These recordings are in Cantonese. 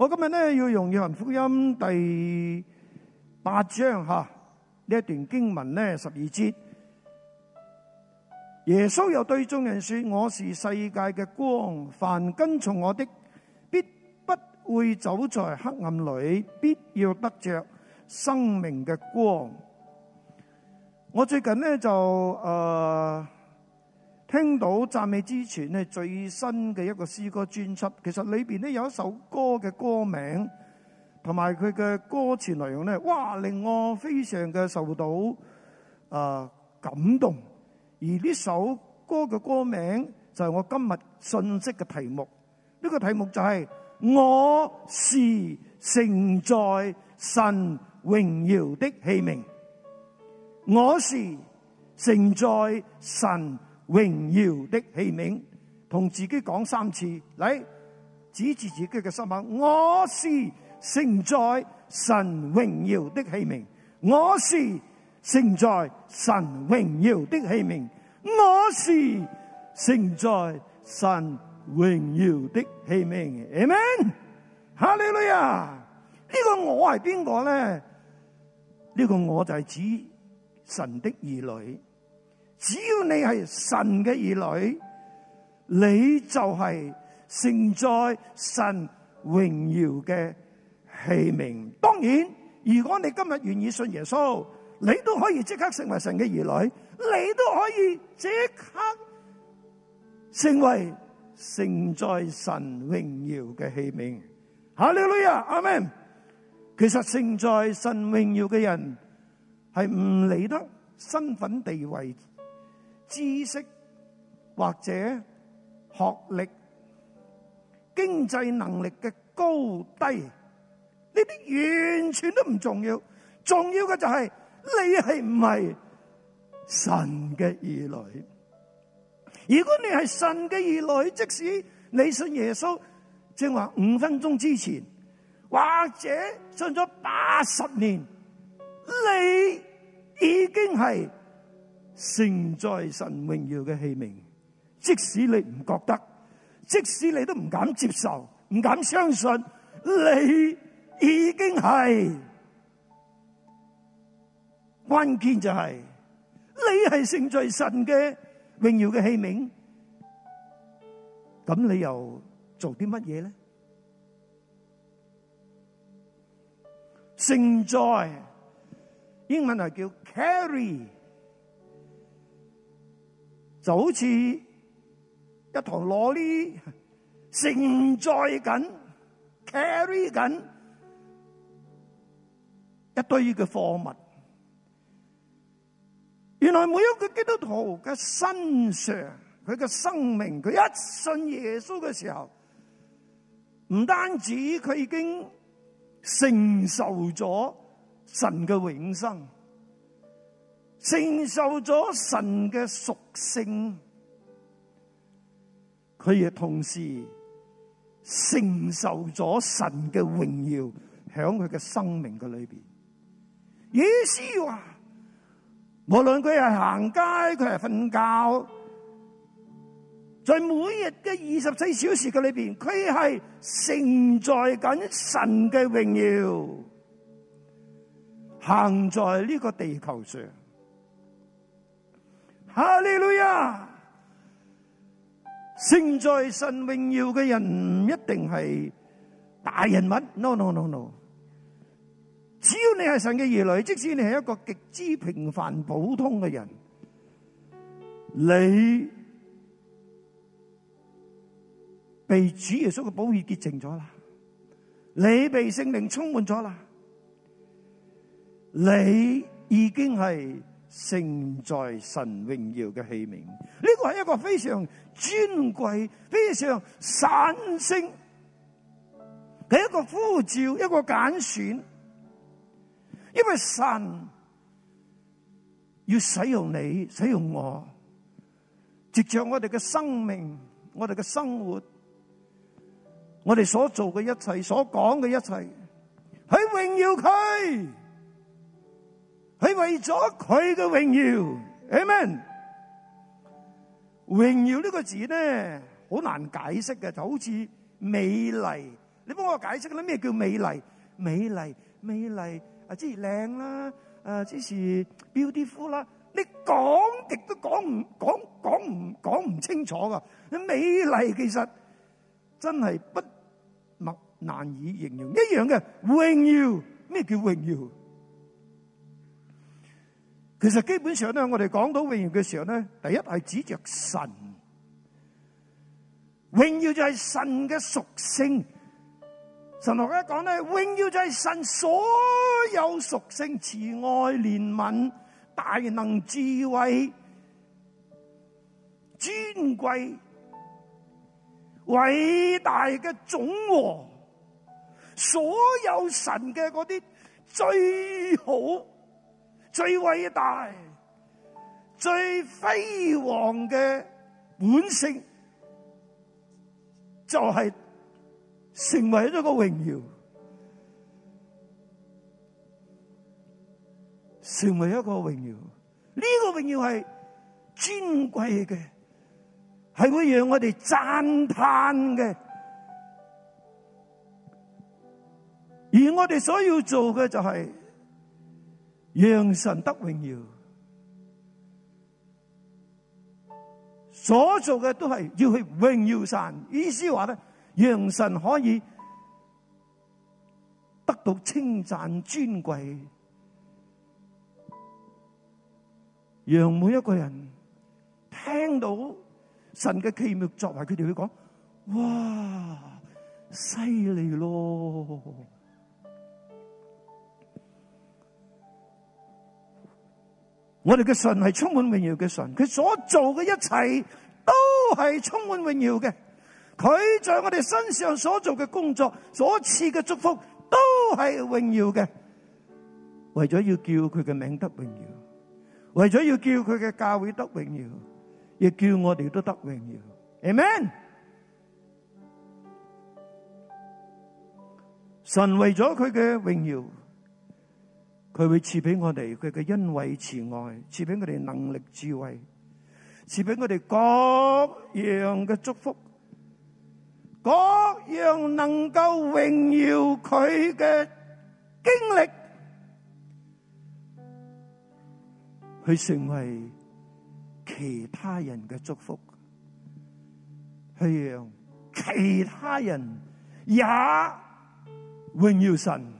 我今日咧要用《約翰福音》第八章吓呢一段經文咧，十二節，耶穌又對眾人說：我是世界嘅光，凡跟從我的，必不會走在黑暗裡，必要得着生命嘅光。我最近咧就誒。呃聽到讚美之泉咧，最新嘅一個詩歌專輯，其實裏邊咧有一首歌嘅歌名同埋佢嘅歌詞內容咧，哇！令我非常嘅受到啊感動。而呢首歌嘅歌名就係我今日信息嘅題目。呢個題目就係我是承載神榮耀的器皿，我是承載神。榮耀的器皿，同自己講三次，嚟，指住自己嘅心口，我是承載神榮耀的器皿，我是承載神榮耀的器皿，我是承載神榮耀的器皿，阿門。吓，你女啊，呢個我係邊個咧？呢個我就係指神的兒女。只要你係神嘅兒女，你就係承載神榮耀嘅器皿。當然，如果你今日願意信耶穌，你都可以即刻成為神嘅兒女，你都可以即刻成為承載神榮耀嘅器皿。哈利路亞，阿門。其實承載神榮耀嘅人係唔理得身份地位、知識或者學歷、經濟能力嘅高低，呢啲完全都唔重要。重要嘅就係、是、你係唔係神嘅兒女。如果你係神嘅兒女，即使你信耶穌，正係話五分鐘之前，或者信咗八十年，你已經係。盛在神榮耀嘅器皿，即使你唔覺得，即使你都唔敢接受、唔敢相信，你已經係。關鍵就係你係盛在神嘅榮耀嘅器皿，咁你又做啲乜嘢咧？盛在英文係叫 carry。就好似一堂攞呢承載緊、carry 緊一堆嘅貨物。原來每一個基督徒嘅身上，佢嘅生命，佢一信耶穌嘅時候，唔單止佢已經承受咗神嘅永生。承受咗神嘅屬性，佢亦同時承受咗神嘅榮耀響佢嘅生命嘅裏邊。於是話：無論佢係行街，佢係瞓覺，在每日嘅二十四小時嘅裏邊，佢係承載緊神嘅榮耀，行在呢個地球上。哈利路亞！勝在神榮耀嘅人唔一定係大人物，no no no no。只要你係神嘅兒女，即使你係一個極之平凡普通嘅人，你被主耶穌嘅寶血潔淨咗啦，你被聖靈充滿咗啦，你已經係。盛在神榮耀嘅器皿，呢個係一個非常尊貴、非常散星嘅一個呼召，一個揀選。因為神要使用你，使用我，藉著我哋嘅生命，我哋嘅生活，我哋所做嘅一切，所講嘅一切，去榮耀佢。佢為咗佢嘅榮耀，Amen。榮耀呢個字咧，好難解釋嘅，就好似美麗。你幫我解釋啦，咩叫美麗？美麗，美麗，啊，即係靚啦，啊，即是 beautiful 啦。你講極都講唔講講唔講唔清楚噶。你美麗其實真係不難難以形容一樣嘅榮耀。咩叫榮耀？其實基本上咧，我哋講到榮耀嘅時候咧，第一係指着神，榮耀就係神嘅屬性。神學家講咧，榮耀就係神所有屬性：慈愛、憐憫、大能、智慧、尊貴、偉大嘅總和，所有神嘅嗰啲最好。最偉大、最輝煌嘅本性，就係、是、成為一個榮耀，成為一個榮耀。呢、這個榮耀係尊貴嘅，係會讓我哋讚嘆嘅。而我哋所要做嘅就係、是。讓神得榮耀，所做嘅都係要去榮耀神。意思話咧，讓神可以得到稱讚尊貴，讓每一個人聽到神嘅奇妙作為，佢哋會講：哇，犀利咯！我哋嘅神係充滿榮耀嘅神，佢所做嘅一切都係充滿榮耀嘅。佢在我哋身上所做嘅工作、所賜嘅祝福都係榮耀嘅。為咗要叫佢嘅名得榮耀，為咗要叫佢嘅教會得榮耀，亦叫我哋都得榮耀。Amen。神為咗佢嘅榮耀。佢會賜俾我哋佢嘅恩惠慈愛，賜俾我哋能力智慧，賜俾我哋各樣嘅祝福，各樣能夠榮耀佢嘅經歷，去成為其他人嘅祝福，去讓其他人也榮耀神。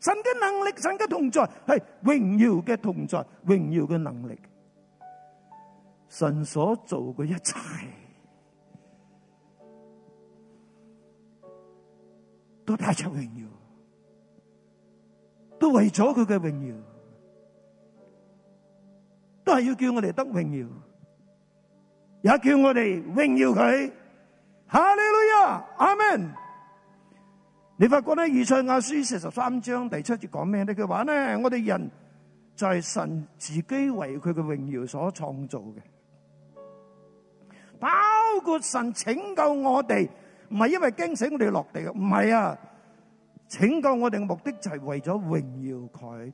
神嘅能力，神嘅同在係榮耀嘅同在，榮耀嘅能力。神所做嘅一切，都帶有榮耀，都為咗佢嘅榮耀，都係要叫我哋得榮耀，也叫我哋榮耀佢。哈利路亞，阿門。你發覺咧，以賽亞書四十三章第七節講咩咧？佢話咧，我哋人就係神自己為佢嘅榮耀所創造嘅，包括神拯救我哋，唔係因為驚醒我哋落地嘅，唔係啊！拯救我哋嘅目的就係為咗榮耀佢，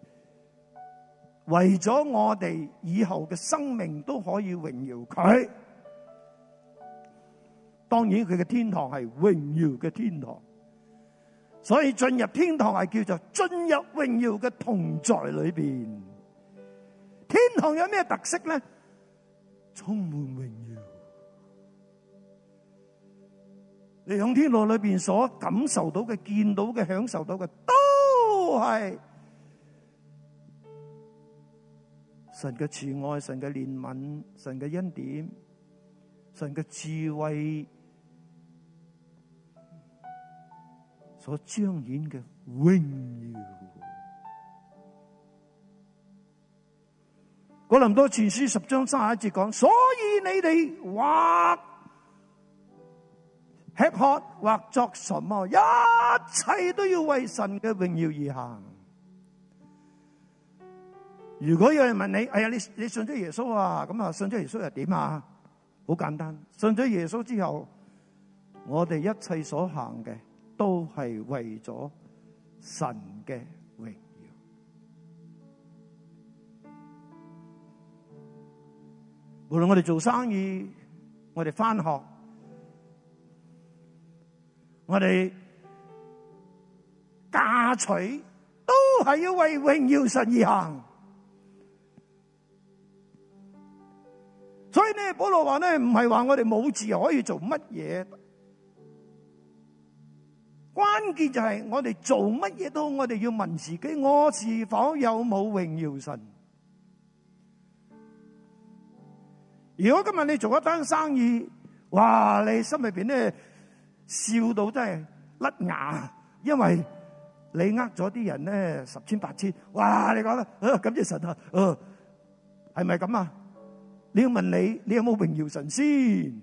為咗我哋以後嘅生命都可以榮耀佢。當然佢嘅天堂係榮耀嘅天堂。所以進入天堂係叫做進入榮耀嘅同在裏邊。天堂有咩特色呢？充滿榮耀。你響天路裏邊所感受到嘅、見到嘅、享受到嘅，都係神嘅慈愛、神嘅憐憫、神嘅恩典、神嘅智慧。所彰顯嘅榮耀。《哥林多前書》十章三十一節講，所以你哋或吃喝或作什麼，一切都要為神嘅榮耀而行。如果有人問你，哎呀，你你信咗耶穌啊？咁啊，信咗耶穌又點啊？好簡單，信咗耶穌之後，我哋一切所行嘅。都係為咗神嘅榮耀。無論我哋做生意，我哋返學，我哋嫁娶，都係要為榮耀神而行。所以呢，保羅話呢，唔係話我哋冇字可以做乜嘢。關鍵就係我哋做乜嘢都，我哋要問自己，我是否有冇榮耀神？如果今日你做一單生意，哇！你心裏邊咧笑到真係甩牙，因為你呃咗啲人咧十千八千，哇！你講啦，咁即係神啊，係咪咁啊？你要問你，你有冇榮耀神先？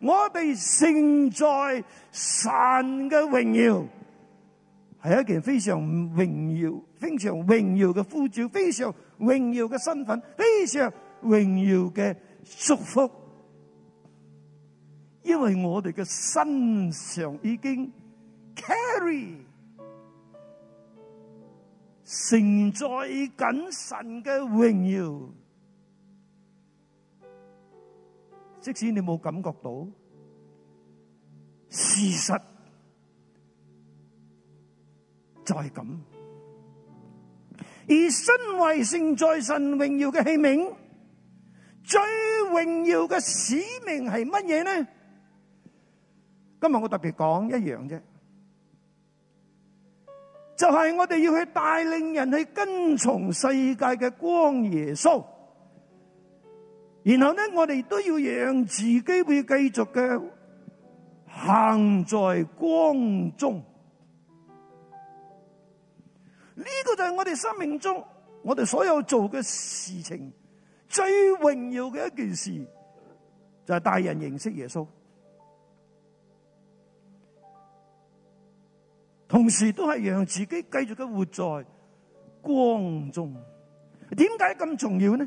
我哋承載神嘅榮耀，係一件非常榮耀、非常榮耀嘅呼召，非常榮耀嘅身份，非常榮耀嘅祝福。因為我哋嘅身上已經 carry 承載緊神嘅榮耀。即使你冇感覺到，事實就係咁。而身為盛載神榮耀嘅器皿，最榮耀嘅使命係乜嘢呢？今日我特別講一樣啫，就係我哋要去帶領人去跟從世界嘅光耶穌。然後咧，我哋都要讓自己會繼續嘅行在光中。呢、這個就係我哋生命中，我哋所有做嘅事情最榮耀嘅一件事，就係、是、帶人認識耶穌，同時都係讓自己繼續嘅活在光中。點解咁重要呢？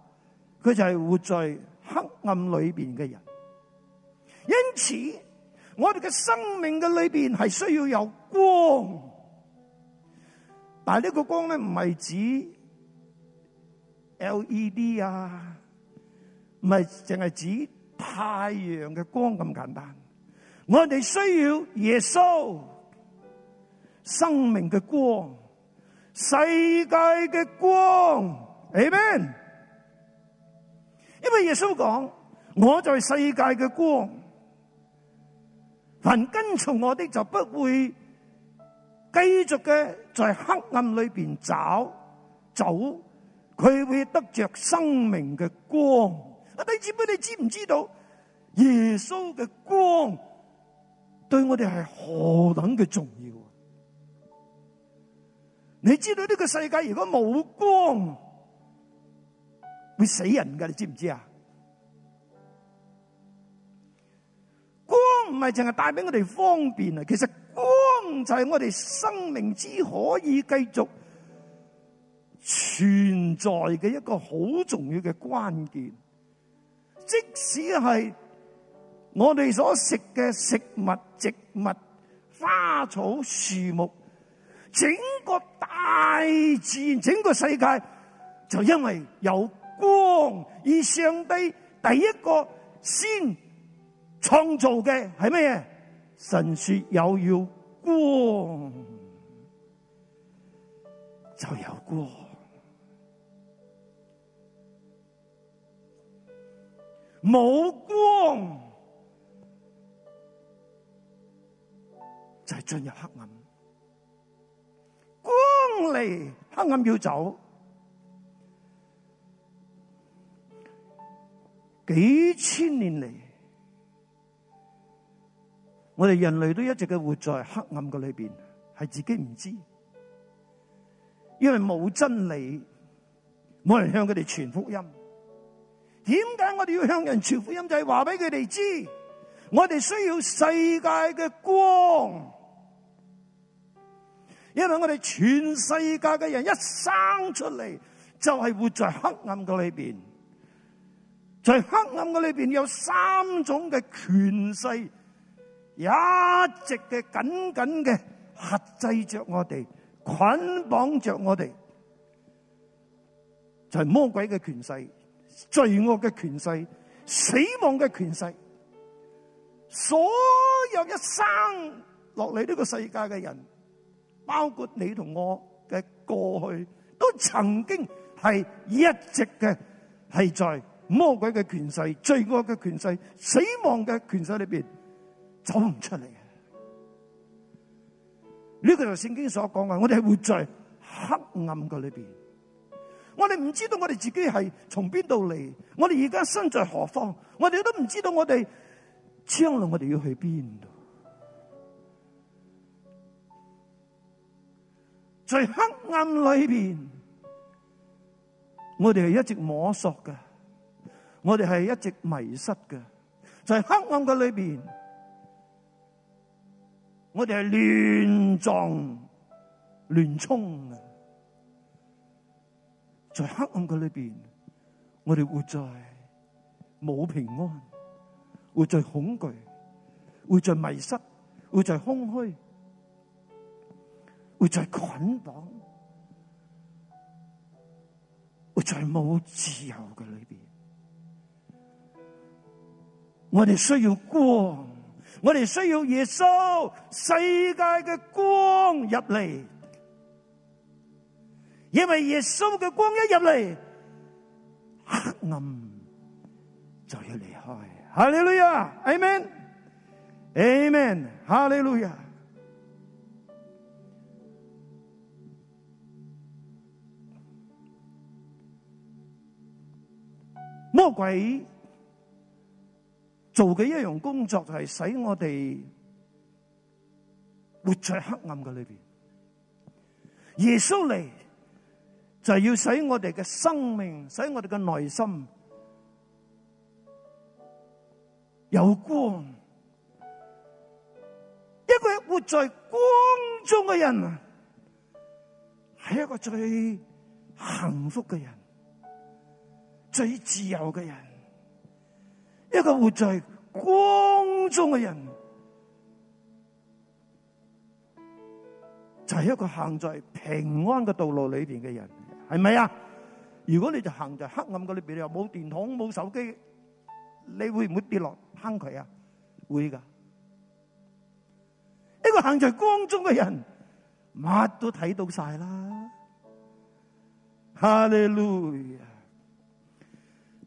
佢就係活在黑暗裏邊嘅人，因此我哋嘅生命嘅裏邊係需要有光，但係呢個光咧唔係指 LED 啊，唔係淨係指太陽嘅光咁簡單，我哋需要耶穌生命嘅光，世界嘅光，阿門。因為耶穌講，我在世界嘅光，凡跟從我的就不會繼續嘅在黑暗裏邊找走，佢會得着生命嘅光。弟兄姊妹，你知唔知道耶穌嘅光對我哋係何等嘅重要啊？你知道呢個世界如果冇光，會死人噶，你知唔知啊？光唔係淨係帶俾我哋方便啊，其實光就係我哋生命之可以繼續存在嘅一個好重要嘅關鍵。即使係我哋所食嘅食物、植物、花草、樹木，整個大自然、整個世界，就因為有光。光，而上帝第一個先創造嘅係咩嘢？神說有要光，就有光。冇光就係進入黑暗。光嚟，黑暗要走。幾千年嚟，我哋人類都一直嘅活在黑暗嘅裏邊，係自己唔知，因為冇真理，冇人向佢哋傳福音。點解我哋要向人傳福音？就係話俾佢哋知，我哋需要世界嘅光，因為我哋全世界嘅人一生出嚟，就係活在黑暗嘅裏邊。在黑暗嘅裏邊有三種嘅權勢，一直嘅緊緊嘅轄制着我哋，捆綁着我哋。就係、是、魔鬼嘅權勢、罪惡嘅權勢、死亡嘅權勢。所有一生落嚟呢個世界嘅人，包括你同我嘅過去，都曾經係一直嘅係在。魔鬼嘅權勢、罪惡嘅權勢、死亡嘅權勢裏邊，走唔出嚟。呢、這個係聖經所講嘅，我哋係活在黑暗嘅裏邊。我哋唔知道我哋自己係從邊度嚟，我哋而家身在何方，我哋都唔知道我哋將來我哋要去邊度。在黑暗裏邊，我哋係一直摸索㗎。我哋係一直迷失嘅，在黑暗嘅裏邊，我哋係亂撞、亂衝嘅。在黑暗嘅裏邊，我哋活在冇平安，活在恐懼，活在迷失，活在空虛，活在捆綁，活在冇自由嘅裏邊。我哋需要光，我哋需要耶穌，世界嘅光入嚟，因為耶穌嘅光一入嚟，黑暗就要離開。哈利路亞，阿門，阿門，哈利路亞。魔鬼做嘅一樣工作就係使我哋活在黑暗嘅裏邊，耶穌嚟就係要使我哋嘅生命、使我哋嘅內心有光。一個活在光中嘅人，係一個最幸福嘅人，最自由嘅人。一個活在光中嘅人，就係、是、一個行在平安嘅道路裏邊嘅人，係咪啊？如果你就行在黑暗嘅裏邊，又冇電筒冇手機，你會唔會跌落坑渠啊？會噶！一個行在光中嘅人，乜都睇到晒啦！哈利路亞！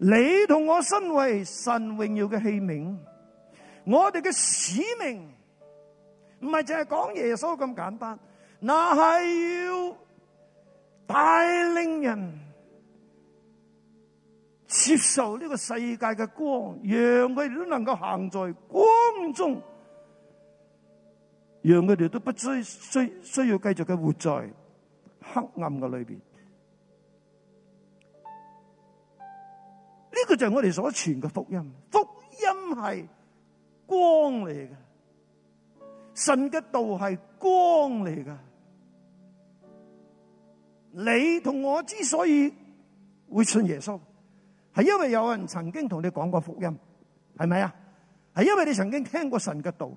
你同我身為神榮耀嘅器皿，我哋嘅使命唔係淨係講耶穌咁簡單，嗱係要帶領人接受呢個世界嘅光，讓佢哋都能夠行在光中，讓佢哋都不需需需要繼續嘅活在黑暗嘅裏邊。呢個就係我哋所傳嘅福音，福音係光嚟嘅，神嘅道係光嚟噶。你同我之所以會信耶穌，係因為有人曾經同你講過福音，係咪啊？係因為你曾經聽過神嘅道，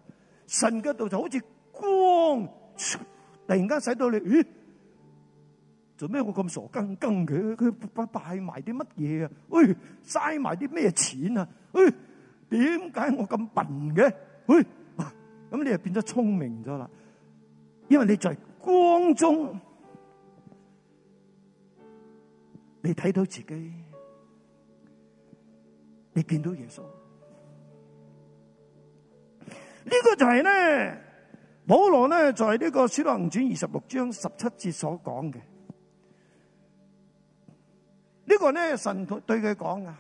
神嘅道就好似光，突然間使到你。咦做咩我咁傻？跟跟佢，佢拜埋啲乜嘢啊？喂，嘥埋啲咩錢啊？喂，點解我咁笨嘅？喂，咁你就變咗聰明咗啦？因為你在光中，你睇到自己，你見到耶穌，呢個就係咧保羅咧，在呢個《使徒行傳》二十六章十七節所講嘅。呢個呢，神對佢講啊，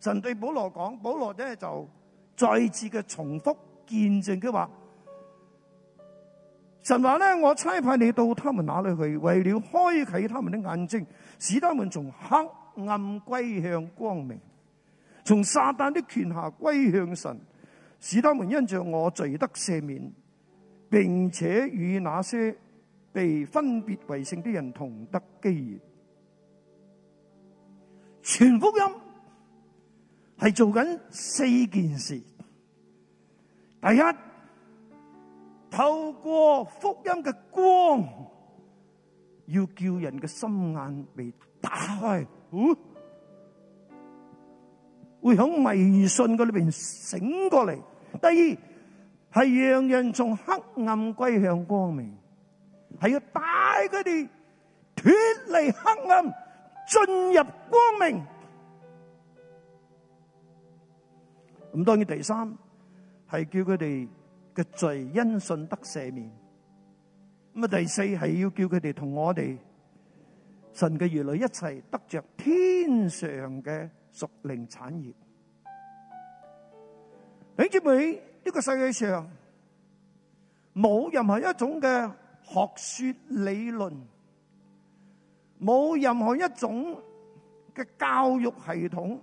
神對保羅講，保羅呢就再次嘅重複見證佢話，神話呢，我差派你到他們那裏去，為了開啟他們的眼睛，使他們從黑暗歸向光明，從撒旦的權下歸向神，使他們因着我罪得赦免，並且與那些被分別為聖的人同得基業。全福音係做緊四件事。第一，透過福音嘅光，要叫人嘅心眼被打開，會響迷信嗰裏邊醒過嚟。第二，係讓人從黑暗歸向光明，係要帶佢哋脫離黑暗。進入光明。咁當然第三係叫佢哋嘅罪因信得赦免。咁啊第四係要叫佢哋同我哋神嘅兒女一齊得着天上嘅屬靈產業。你知唔知呢個世界上冇任何一種嘅學說理論？冇任何一種嘅教育系統，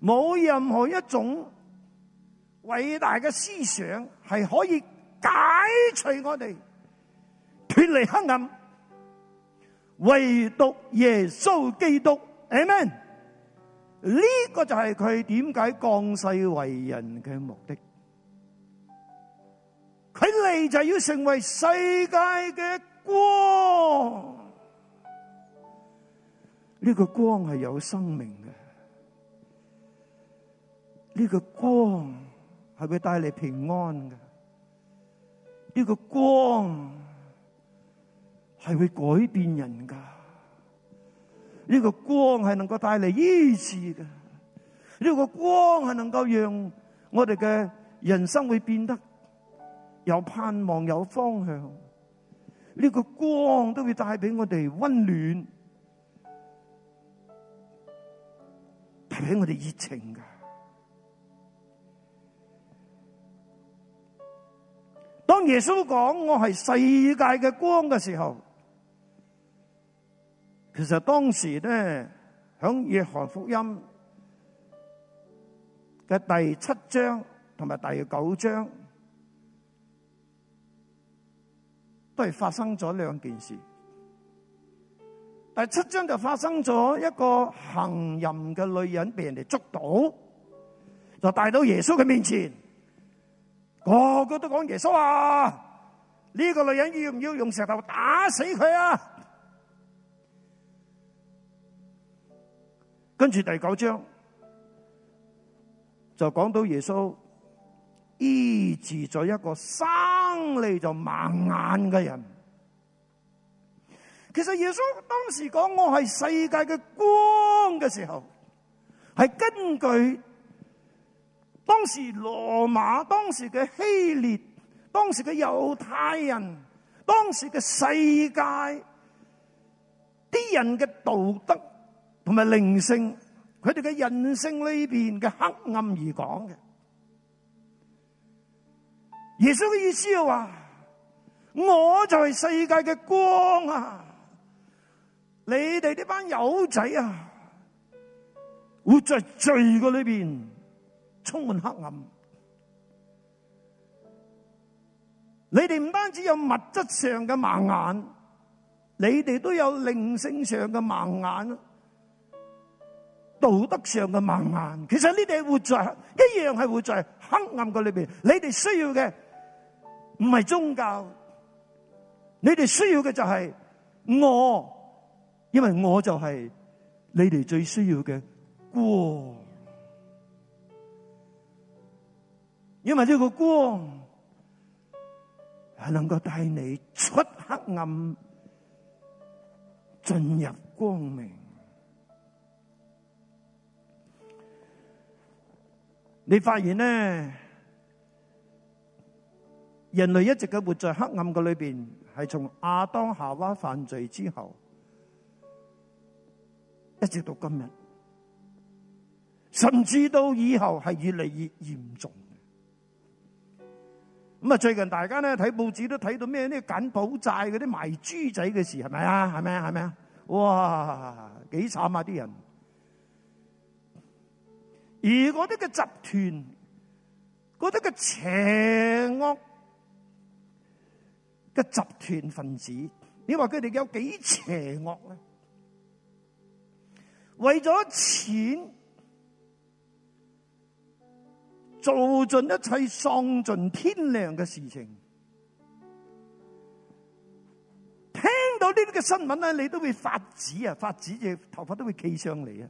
冇任何一種偉大嘅思想係可以解除我哋脫離黑暗，唯獨耶穌基督，阿門。呢、這個就係佢點解降世為人嘅目的，佢嚟就要成為世界嘅。光，呢個光係有生命嘅，呢個光係會帶嚟平安嘅，呢個光係會改變人噶，呢個光係能夠帶嚟醫治嘅，呢個光係能夠讓我哋嘅人生會變得有盼望、有方向。呢個光都會帶俾我哋溫暖，帶俾我哋熱情噶。當耶穌講我係世界嘅光嘅時候，其實當時咧響約翰福音嘅第七章同埋第九章。都係發生咗兩件事，第七章就發生咗一個行淫嘅女人俾人哋捉到，就帶到耶穌嘅面前，個個都講耶穌啊，呢個女人要唔要用石頭打死佢啊？跟住第九章就講到耶穌。醫治咗一個生嚟就盲眼嘅人。其實耶穌當時講，我係世界嘅光嘅時候，係根據當時羅馬、當時嘅希臘，當時嘅猶太人、當時嘅世界啲人嘅道德同埋靈性，佢哋嘅人性呢邊嘅黑暗而講嘅。耶穌嘅意思話：我就係世界嘅光啊！你哋呢班友仔啊，活在罪嘅裏邊，充滿黑暗。你哋唔單止有物質上嘅盲眼，你哋都有靈性上嘅盲眼，道德上嘅盲眼。其實呢啲係活在一樣係活在黑暗嘅裏邊。你哋需要嘅，唔係宗教，你哋需要嘅就係我，因為我就係你哋最需要嘅光，因為呢個光係能夠帶你出黑暗，進入光明。你發現咧？人類一直嘅活在黑暗嘅裏邊，係從亞當夏娃犯罪之後，一直到今日，甚至到以後係越嚟越嚴重咁啊，最近大家咧睇報紙都睇到咩呢？柬埔寨嗰啲賣豬仔嘅事係咪啊？係咪？係咪？啊？哇！幾慘啊！啲人，而嗰啲嘅集團，嗰啲嘅邪惡。嘅集團分子，你話佢哋有幾邪惡咧為咗錢，做盡一切喪盡天良嘅事情。聽到呢啲嘅新聞咧，你都會髮指啊！髮指，嘅頭髮都會企上嚟啊！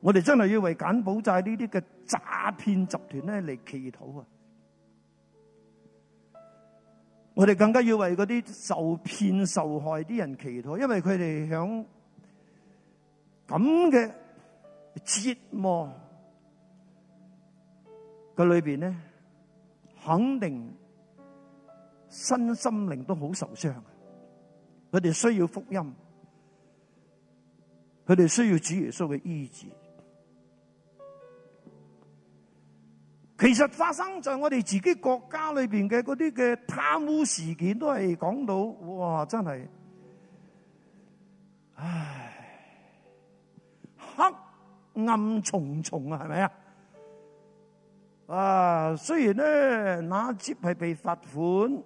我哋真係要為柬埔寨呢啲嘅詐騙集團咧嚟祈禱啊！佢哋更加要為嗰啲受騙受害啲人祈禱，因為佢哋響咁嘅折磨嘅裏邊咧，肯定身心靈都好受傷啊！佢哋需要福音，佢哋需要主耶穌嘅醫治。其實發生在我哋自己國家裏邊嘅嗰啲嘅貪污事件，都係講到，哇！真係，唉，黑暗重重啊，係咪啊？啊，雖然呢，納吉係被罰款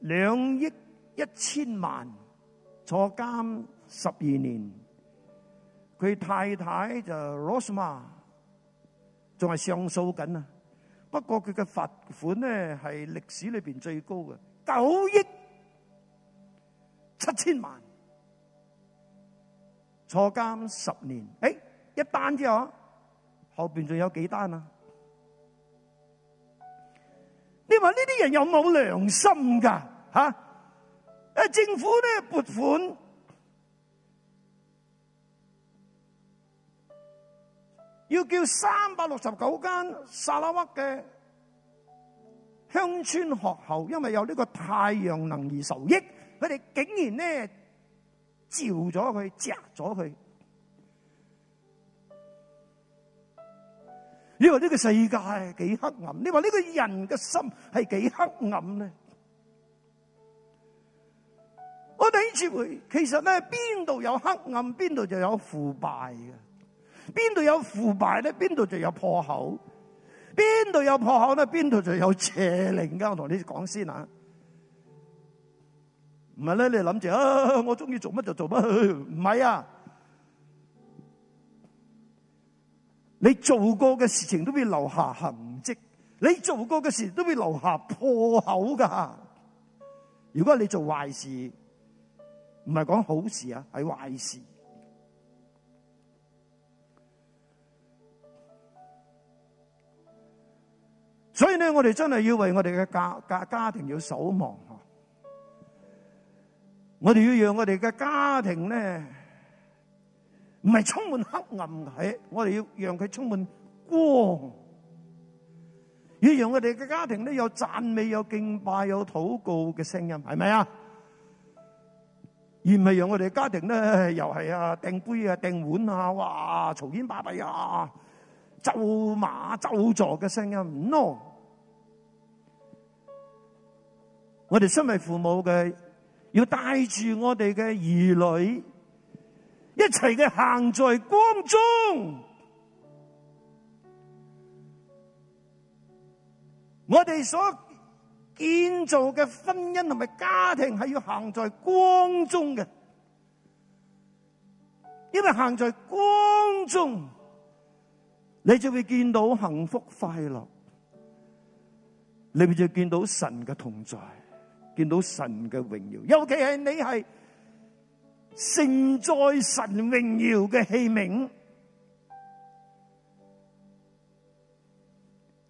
兩億一千萬，坐監十二年，佢太太就 Rosma。仲係上訴緊啊！不過佢嘅罰款咧係歷史裏面最高嘅九億七千萬，坐監十年。誒、哎、一單之後，後邊仲有幾單啊？你話呢啲人有冇良心㗎？吓、啊、政府咧撥款。要叫三百六十九間沙拉屈嘅鄉村學校，因為有呢個太陽能而受益，佢哋竟然呢照咗佢，砸咗佢。你話呢個世界幾黑暗？你話呢個人嘅心係幾黑暗咧？我哋呢次會，其實咧邊度有黑暗，邊度就有腐敗嘅。邊度有腐敗咧？邊度就有破口。邊度有破口咧？邊度就有邪靈噶。我同你講先啊，唔係咧，你諗住啊，我中意做乜就做乜，唔係啊。你做過嘅事情都會留下痕迹，你做過嘅事都會留下破口噶。如果你做壞事，唔係講好事啊，係壞事。所以咧，我哋真係要為我哋嘅家家家庭要守望啊，我哋要讓我哋嘅家庭咧，唔係充滿黑暗嘅，我哋要讓佢充滿光，要讓我哋嘅家庭咧有讚美、有敬拜、有禱告嘅聲音，係咪啊？而唔係讓我哋家庭咧又係啊掟杯啊、掟碗啊哇，嘈煙巴閉啊咒罵咒坐嘅聲音，no。我哋身為父母嘅，要帶住我哋嘅兒女一齊嘅行在光中。我哋所建造嘅婚姻同埋家庭係要行在光中嘅，因為行在光中，你就會見到幸福快樂，你就會見到神嘅同在。見到神嘅榮耀，尤其係你係盛載神榮耀嘅器皿，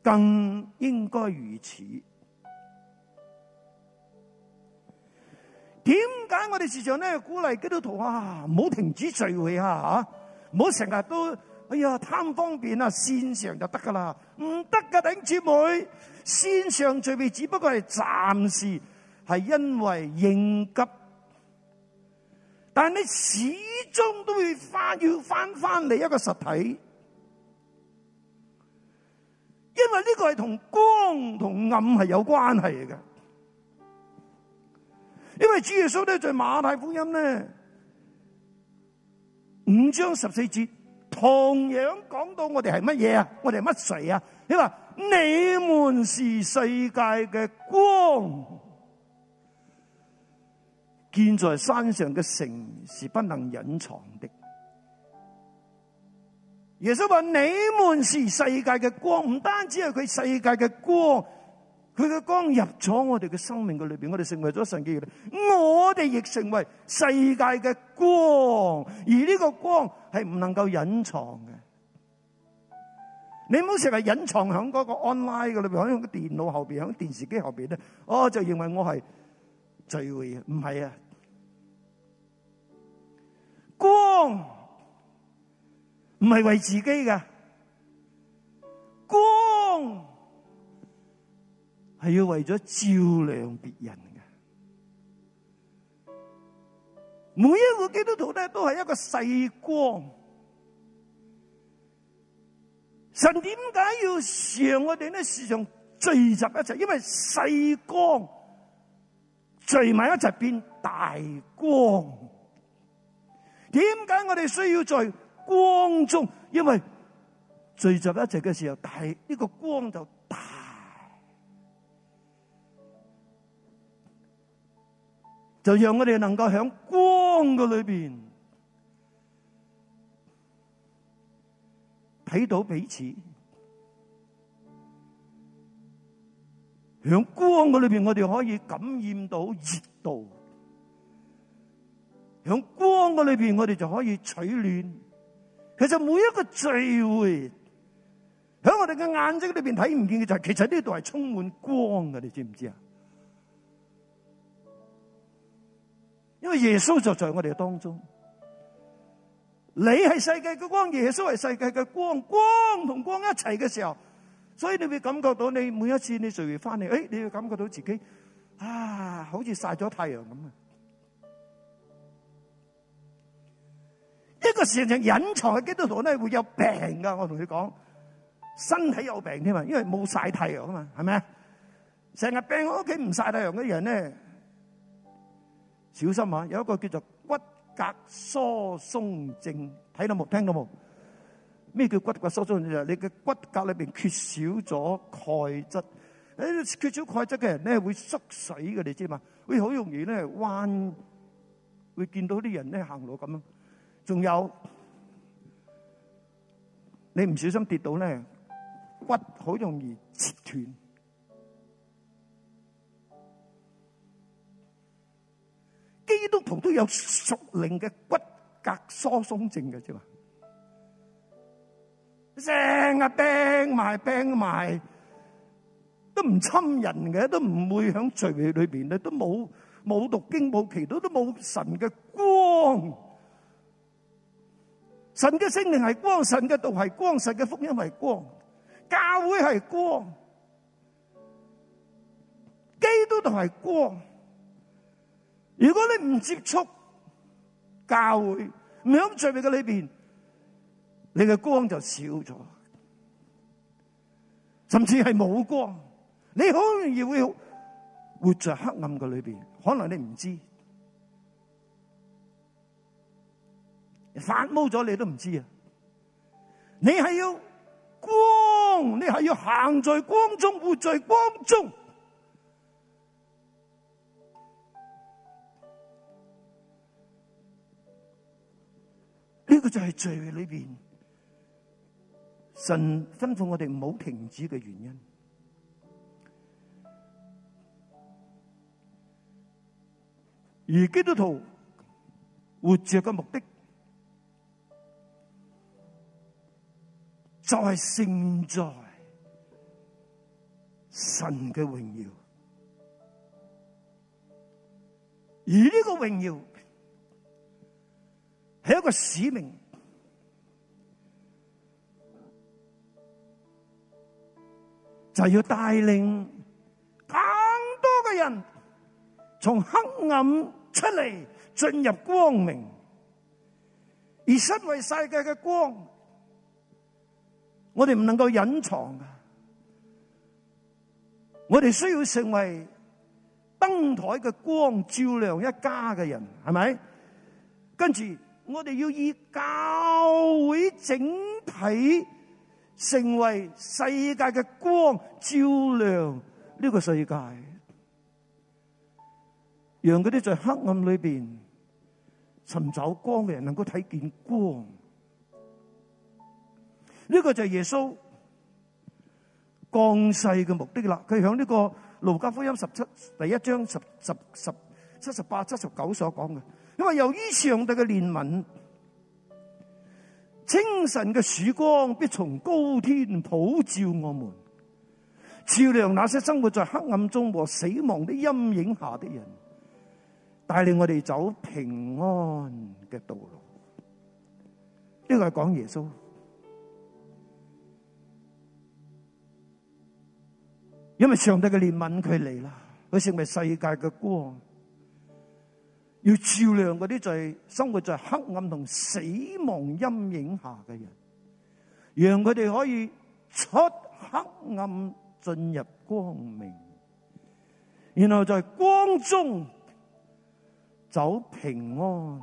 更應該如此。點解我哋時常咧鼓勵基督徒啊，唔好停止聚會啊，吓，唔好成日都哎呀貪方便啊，綫上就得噶啦，唔得㗎，弟兄姊妹。綫上聚會只不過係暫時。係因為應急，但係你始終都會翻要翻翻嚟一個實體，因為呢個係同光同暗係有關係嘅。因為主耶穌呢，在馬太福音咧五章十四節，同樣講到我哋係乜嘢啊？我哋係乜誰啊？你話你們是世界嘅光。建在山上嘅城是不能隱藏的。耶穌話：你們是世界嘅光，唔單止係佢世界嘅光，佢嘅光入咗我哋嘅生命嘅裏邊，我哋成為咗神嘅兒女，我哋亦成為世界嘅光，而呢個光係唔能夠隱藏嘅。你唔好成日隱藏響嗰個 online 嘅裏邊，響個電腦後邊，響電視機後邊咧，哦就認為我係。聚會啊，唔係啊，光唔係為自己噶，光係要為咗照亮別人嘅。每一個基督徒咧都係一個細光，神點解要上我哋呢？時常聚集一齊，因為細光。聚埋一齊變大光，點解我哋需要在光中？因為聚集一齊嘅時候，但係呢個光就大，就讓我哋能夠喺光嘅裏邊睇到彼此。響光嘅裏邊，我哋可以感染到熱度；響光嘅裏邊，我哋就可以取暖。其實每一個聚會，響我哋嘅眼睛裏邊睇唔見嘅就係、是，其實呢度係充滿光嘅，你知唔知啊？因為耶穌就在我哋當中，你係世界嘅光，耶穌係世界嘅光，光同光一齊嘅時候。所以你會感覺到你每一次你聚會翻嚟，誒，你會感覺到自己啊，好似曬咗太陽咁啊！一個事實上隱藏喺基督徒咧，會有病噶。我同你講，身體有病添啊，因為冇曬太陽啊嘛，係咪？成日病喺屋企唔曬太陽嘅人咧，小心啊！有一個叫做骨骼疏鬆症，睇到冇？聽到冇？咩叫骨骼疏鬆？就係你嘅骨骼裏邊缺少咗鈣質。誒，缺少鈣質嘅人咧會縮水嘅，你知嘛？會好容易咧彎，會見到啲人咧行路咁樣。仲有，你唔小心跌到咧，骨好容易切斷。基督徒都有熟齡嘅骨骼疏鬆症嘅，知嘛？成日掟埋掟埋，都唔侵人嘅，都唔會響聚會裏邊咧，都冇冇讀經冇祈禱，都冇神嘅光。神嘅聖靈係光，神嘅道係光，神嘅福音係光，教會係光，基督徒係光。如果你唔接觸教會，唔響聚會嘅裏邊。你嘅光就少咗，甚至係冇光，你好容易會活在黑暗嘅裏邊。可能你唔知，發毛咗你都唔知啊！你係要光，你係要行在光中，活在光中。呢、這個就係罪裏邊。神吩咐我哋唔好停止嘅原因，而基督徒活着嘅目的就係勝在神嘅榮耀，而呢個榮耀係一個使命。就要帶領更多嘅人從黑暗出嚟，進入光明。而身為世界嘅光，我哋唔能夠隱藏噶。我哋需要成為燈台嘅光，照亮一家嘅人，係咪？跟住我哋要以教會整體。成為世界嘅光，照亮呢個世界，讓嗰啲在黑暗裏邊尋找光嘅人能夠睇見光。呢個就係耶穌降世嘅目的啦。佢響呢個路加福音十七第一章十十十七十八七十九所講嘅，因為由於上帝嘅憐憫。清晨嘅曙光必從高天普照我們，照亮那些生活在黑暗中和死亡的陰影下的人，帶領我哋走平安嘅道路。呢、呢個係講耶穌，因為上帝嘅憐憫佢嚟啦，佢成為世界嘅光。要照亮嗰啲就係生活在黑暗同死亡陰影下嘅人，讓佢哋可以出黑暗進入光明，然後在光中走平安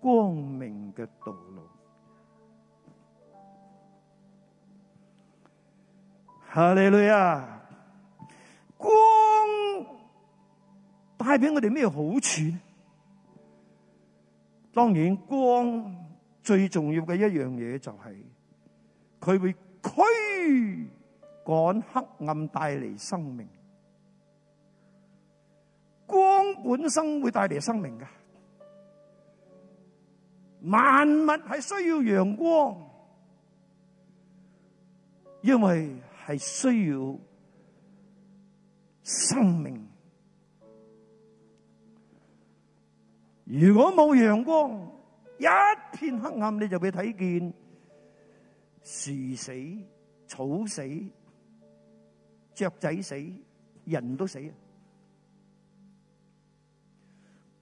光明嘅道路。哈利路亞，光帶俾我哋咩好處？當然，光最重要嘅一樣嘢就係，佢會驅趕黑暗，帶嚟生命。光本身會帶嚟生命嘅，萬物係需要陽光，因為係需要生命。如果冇陽光，一片黑暗，你就被睇見樹死、草死、雀仔死，人都死啊！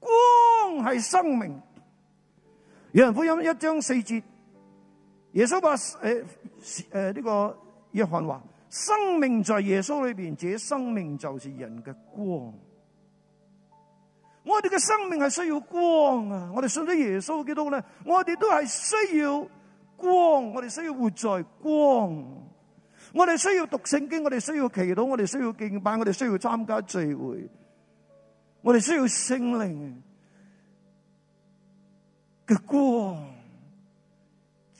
光係生命。約翰福音一章四節，耶穌話誒誒呢個約翰話：生命在耶穌裏邊，這生命就是人嘅光。我哋嘅生命係需要光啊！我哋信咗耶穌基督咧，我哋都係需要光。我哋需要活在光，我哋需要讀聖經，我哋需要祈禱，我哋需要敬拜，我哋需要參加聚會，我哋需要聖靈嘅光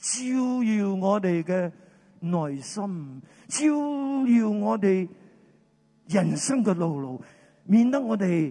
照耀我哋嘅內心，照耀我哋人生嘅路路，免得我哋。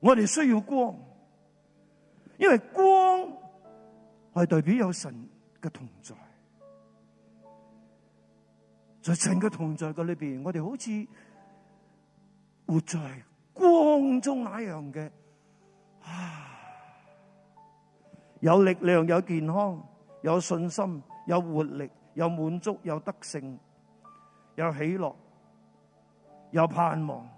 我哋需要光，因為光係代表有神嘅同在，在神嘅同在嘅裏邊，我哋好似活在光中那樣嘅，啊！有力量，有健康，有信心，有活力，有滿足，有得勝，有喜樂，有盼望。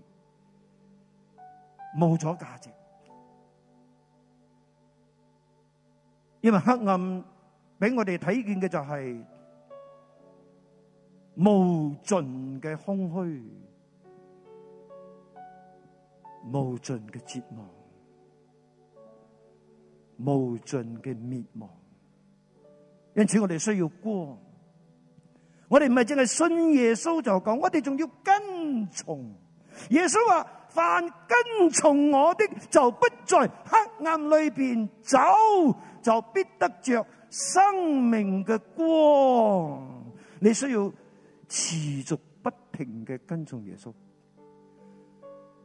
冇咗價值，因為黑暗俾我哋睇見嘅就係無盡嘅空虛、無盡嘅折磨、無盡嘅滅亡。因此我哋需要光。我哋唔係淨係信耶穌就講，我哋仲要跟從耶穌話。凡跟從我的，就不在黑暗裏邊走，就必得着生命嘅光。你需要持續不停嘅跟從耶穌，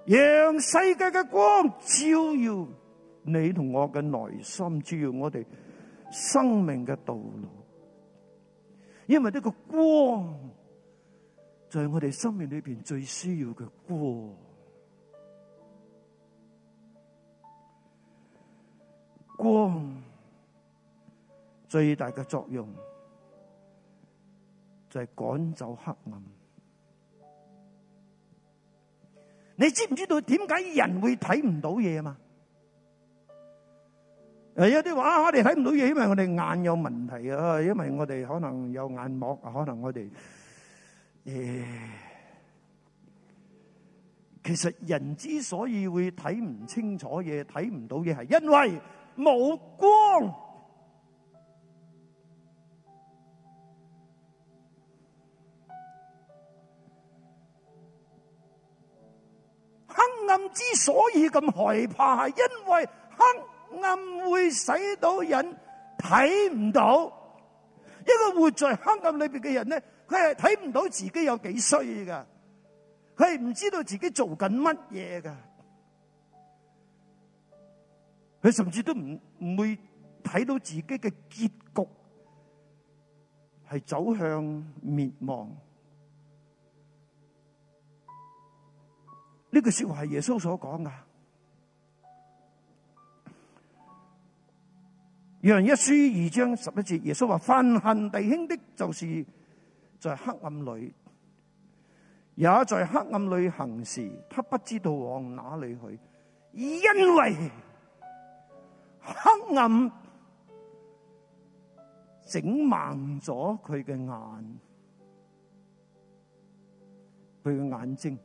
讓世界嘅光照耀你同我嘅內心，照耀我哋生命嘅道路。因為呢個光，在就係我哋生命裏邊最需要嘅光。光最大嘅作用就係趕走黑暗。你知唔知道點解人會睇唔到嘢啊嘛？有啲話我哋睇唔到嘢，因為我哋眼有問題啊，因為我哋可能有眼膜啊，可能我哋誒、欸，其實人之所以會睇唔清楚嘢，睇唔到嘢，係因為。冇光，黑暗之所以咁害怕，係因為黑暗會使到人睇唔到。一個活在黑暗裏邊嘅人咧，佢係睇唔到自己有幾衰噶，佢係唔知道自己做緊乜嘢噶。佢甚至都唔唔會睇到自己嘅結局係走向滅亡。呢句說話係耶穌所講㗎，《約一書二章十一節》，耶穌話：犯恨弟兄的，就是在黑暗裏；也在黑暗裏行時，他不知道往哪裏去，因為。黑暗整盲咗佢嘅眼，佢嘅眼睛。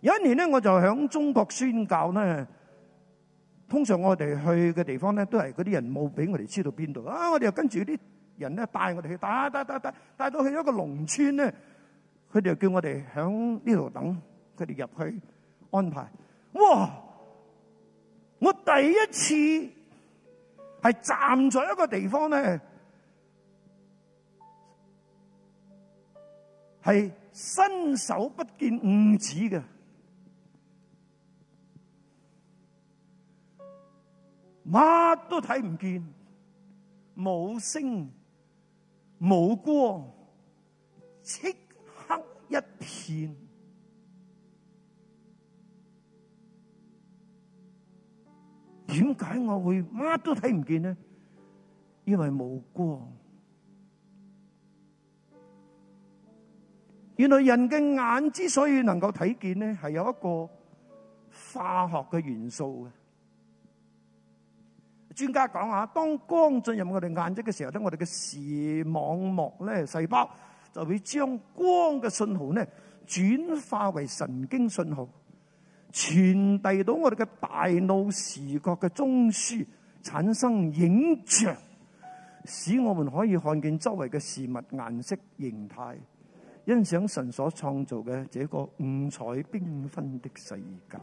有一年咧，我就響中國宣教咧。通常我哋去嘅地方咧，都係嗰啲人冇俾我哋知道邊度。啊，我哋又跟住啲人咧帶我哋去，帶帶帶帶，帶到去一個農村咧。佢哋就叫我哋響呢度等，佢哋入去安排。哇！我第一次係站在一個地方咧，係伸手不見五指嘅，乜都睇唔見，冇聲冇光，漆黑一片。點解我會乜都睇唔見呢？因為冇光。原來人嘅眼之所以能夠睇見咧，係有一個化學嘅元素嘅。專家講下，當光進入我哋眼睛嘅時候咧，我哋嘅視網膜咧細胞就會將光嘅信號咧轉化為神經信號。傳遞到我哋嘅大腦視覺嘅中樞，產生影像，使我們可以看見周圍嘅事物顏色、形態，欣賞神所創造嘅這個五彩繽紛的世界。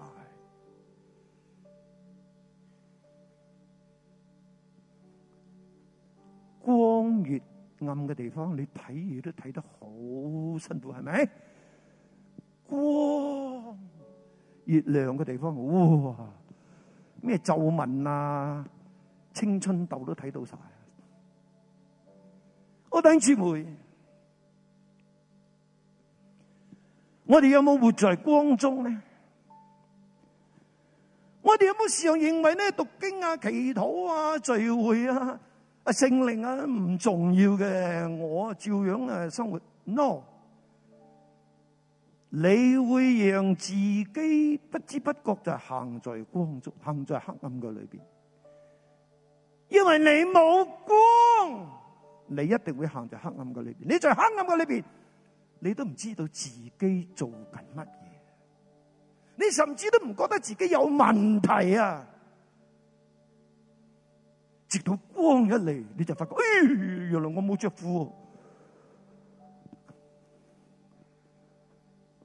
光越暗嘅地方，你睇嘢都睇得好辛苦，係咪？光。月亮嘅地方，哇！咩皺紋啊、青春痘都睇到晒。我等姊妹，我哋有冇活在光中呢？我哋有冇時常認為呢，讀經啊、祈禱啊、聚會啊、聖靈啊唔重要嘅？我照樣嘅生活。No。你會讓自己不知不覺就行在光中，行在黑暗嘅裏邊，因為你冇光，你一定會行在黑暗嘅裏邊。你在黑暗嘅裏邊，你都唔知道自己做緊乜嘢，你甚至都唔覺得自己有問題啊！直到光一嚟，你就發覺，哎，原來我冇着褲。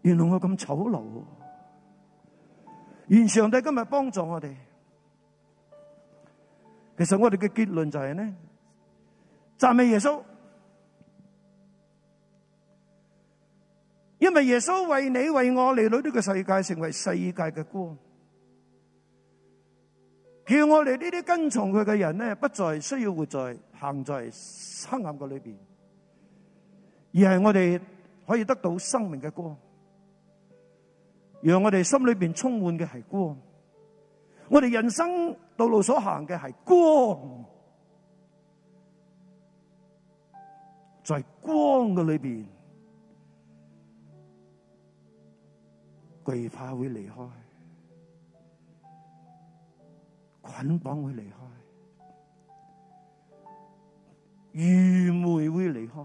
原來我咁醜陋，願上帝今日幫助我哋。其實我哋嘅結論就係呢，讚美耶穌，因為耶穌為你為我嚟到呢個世界，成為世界嘅光，叫我哋呢啲跟從佢嘅人呢，不再需要活在行在黑暗嘅裏邊，而係我哋可以得到生命嘅光。讓我哋心裏邊充滿嘅係光，我哋人生道路所行嘅係光，在光嘅裏邊，懼怕會離開，捆綁會離開，愚昧會離開。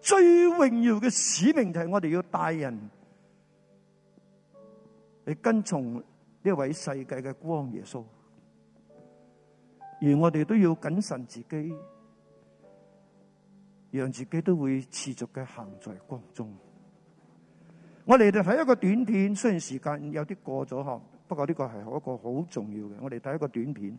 最榮耀嘅使命就係我哋要帶人嚟跟從呢位世界嘅光耶穌，而我哋都要謹慎自己，讓自己都會持續嘅行在光中。我哋就睇一個短片，雖然時間有啲過咗嗬，不過呢個係一個好重要嘅，我哋睇一個短片。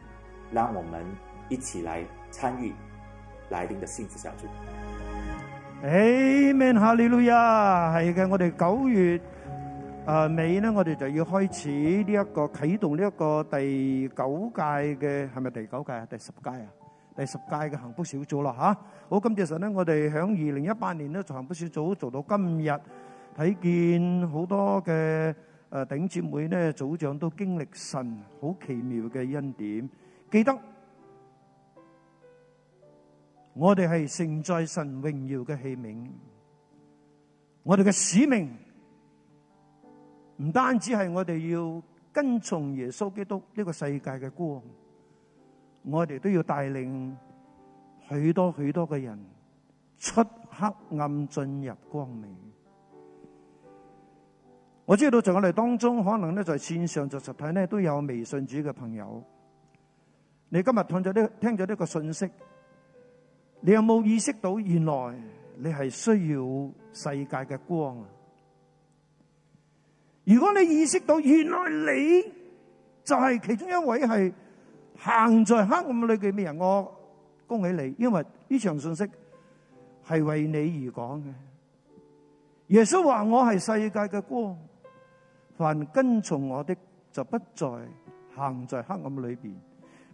讓我們一起來參與，來呢個幸福小組。哎，咩哈利路亞係嘅。我哋九月誒尾咧，我哋就要開始呢一個啟動呢一個第九屆嘅係咪第九屆啊？第十屆啊？第十屆嘅幸福小組啦吓。好，今朝實咧，我哋響二零一八年咧，做幸福小組做到今日，睇見好多嘅誒頂姐妹咧，組長都經歷神好奇妙嘅恩典。記得我哋係承載神榮耀嘅器皿，我哋嘅使命唔單止係我哋要跟從耶穌基督呢個世界嘅光，我哋都要帶領許多許多嘅人出黑暗進入光明。我知道，在我哋當中，可能呢在線上、就實體呢都有未信主嘅朋友。你今日聽咗呢聽咗呢個信息，你有冇意識到原來你係需要世界嘅光啊？如果你意識到原來你就係其中一位係行在黑暗裏嘅咩人，我恭喜你，因為呢場信息係為你而講嘅。耶穌話：我係世界嘅光，凡跟從我的就不再行在黑暗裏邊。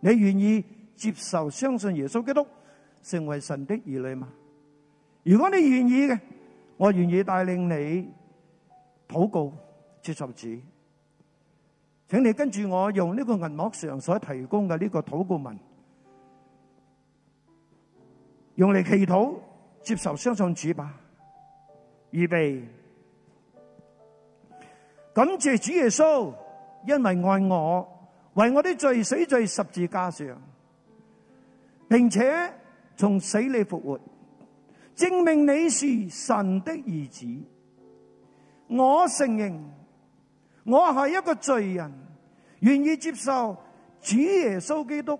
你願意接受相信耶穌基督成為神的兒女嗎？如果你願意嘅，我願意帶領你禱告接受主，請你跟住我用呢個銀幕上所提供嘅呢個禱告文，用嚟祈禱接受相信主吧。預備，感謝主耶穌，因為愛我。為我的罪死在十字架上，並且從死裏復活，證明你是神的兒子。我承認我係一個罪人，願意接受主耶穌基督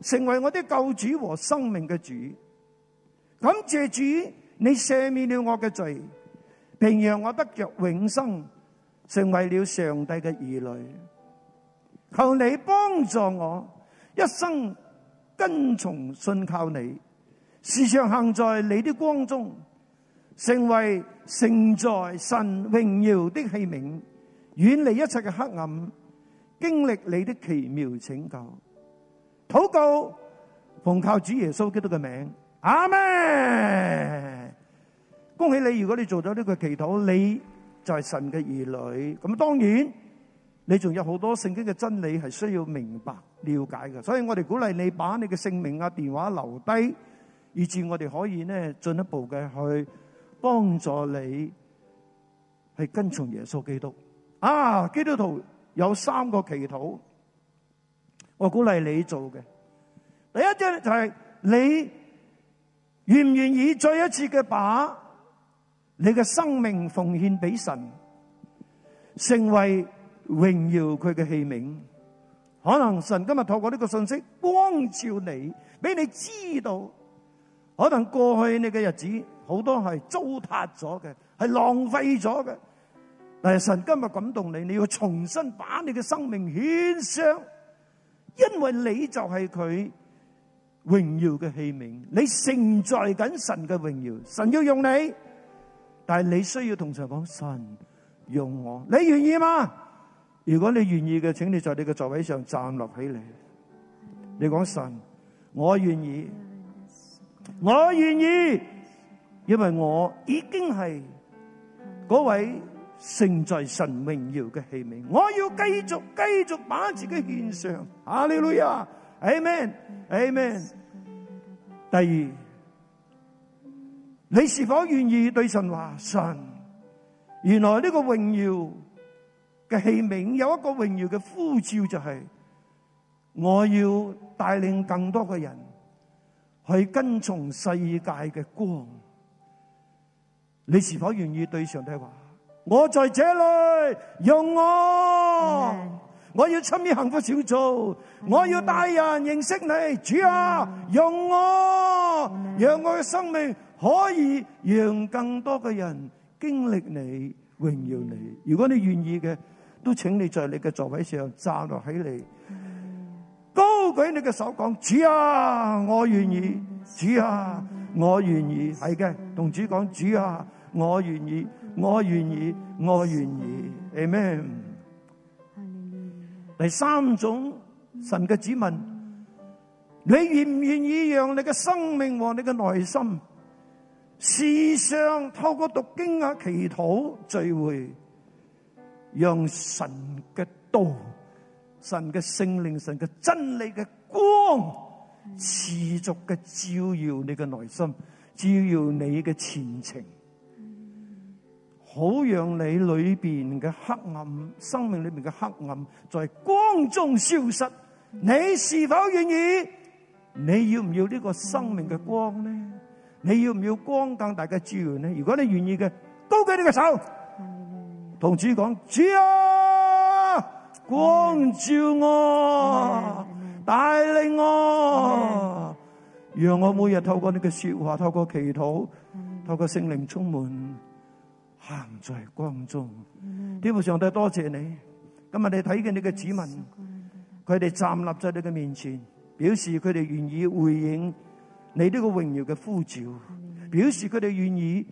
成為我的救主和生命嘅主。感謝主，你赦免了我嘅罪，並讓我得着永生，成為了上帝嘅兒女。求你幫助我，一生跟從信靠你，時常行在你的光中，成為盛在神榮耀的器皿，遠離一切嘅黑暗，經歷你的奇妙拯救。禱告，奉靠主耶穌基督嘅名，阿門。恭喜你，如果你做咗呢個祈禱，你就係神嘅兒女。咁當然。你仲有好多聖經嘅真理係需要明白了解嘅，所以我哋鼓勵你把你嘅姓名啊、電話留低，以至我哋可以呢進一步嘅去幫助你，係跟從耶穌基督。啊，基督徒有三個祈禱，我鼓勵你做嘅。第一啲就係你願唔願意再一次嘅把你嘅生命奉獻俾神，成為。榮耀佢嘅器皿，可能神今日透過呢個信息光照你，俾你知道，可能過去你嘅日子好多係糟蹋咗嘅，係浪費咗嘅。但係神今日感動你，你要重新把你嘅生命獻上，因為你就係佢榮耀嘅器皿，你承載緊神嘅榮耀。神要用你，但係你需要同神講：神用我，你願意嗎？如果你願意嘅，請你在你嘅座位上站立起嚟。你講，神，我願意，我願意，因為我已經係嗰位承載神榮耀嘅器皿，我要繼續繼續把自己獻上。哈利路亞，阿門，阿門。第二，你是否願意對神話？神，原來呢個榮耀嘅器皿有一個榮耀嘅呼召、就是，就係我要帶領更多嘅人去跟從世界嘅光。你是否願意對上帝話：我在這裏用我，Amen. 我要參與幸福小組，Amen. 我要帶人認識你，主啊，Amen. 用我，Amen. 讓我嘅生命可以讓更多嘅人經歷你、榮耀你。如果你願意嘅，都請你在你嘅座位上站落起嚟，高舉你嘅手，講主啊，我願意，主啊，我願意，係嘅，同主講，主啊，我願意，我願意，我願意，Amen。第三種神嘅指問，你願唔願意讓你嘅生命和你嘅內心事上透過讀經啊、祈禱聚會？讓神嘅道、神嘅聖靈、神嘅真理嘅光持續嘅照耀你嘅內心，照耀你嘅前程，好讓你裏邊嘅黑暗、生命裏面嘅黑暗，在光中消失。你是否願意？你要唔要呢個生命嘅光呢？你要唔要光更大嘅照耀呢？如果你願意嘅，高舉你嘅手。同主講，主啊，光照我，Amen. 帶領我，Amen. 讓我每日透過你嘅說話，透過祈禱，嗯、透過聖靈充滿，行在光中。天父、嗯、上帝多謝你，今日你睇見你嘅子民，佢哋、嗯、站立在你嘅面前，表示佢哋願意回應你呢個榮耀嘅呼召，嗯、表示佢哋願意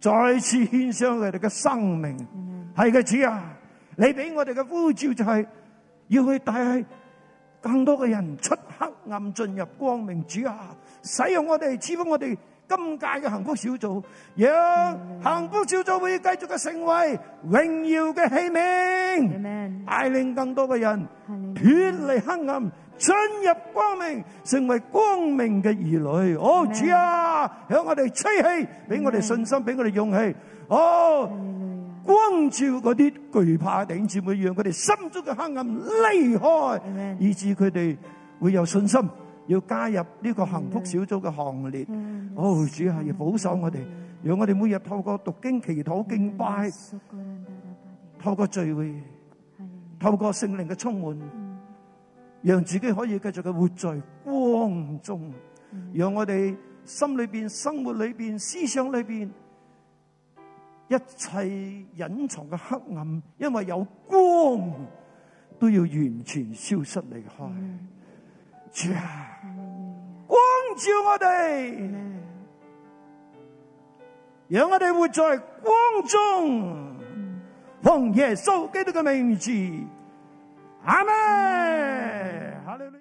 再次獻上佢哋嘅生命。嗯係嘅主啊！你俾我哋嘅呼召就係要去帶去更多嘅人出黑暗進入光明，主啊！使用我哋，賜福我哋今屆嘅幸福小組，讓幸福小組會繼續嘅成為榮耀嘅器皿，帶領更多嘅人脫離黑暗進入光明，成為光明嘅兒女。哦，主啊！向我哋吹氣，俾我哋信心，俾我哋勇氣。哦。光照嗰啲懼怕頂住，會讓佢哋心中嘅黑暗離開，以致佢哋會有信心，要加入呢個幸福小組嘅行列。哦，主啊，要保守我哋，讓我哋每日透過讀經、祈禱、敬拜，透過聚會，透過聖靈嘅充滿，讓自己可以繼續嘅活在光中。讓我哋心裏邊、生活裏邊、思想裏邊。一切隱藏嘅黑暗，因為有光，都要完全消失離開。主啊，光照我哋，讓我哋活在光中。奉耶穌基督嘅名字，阿門。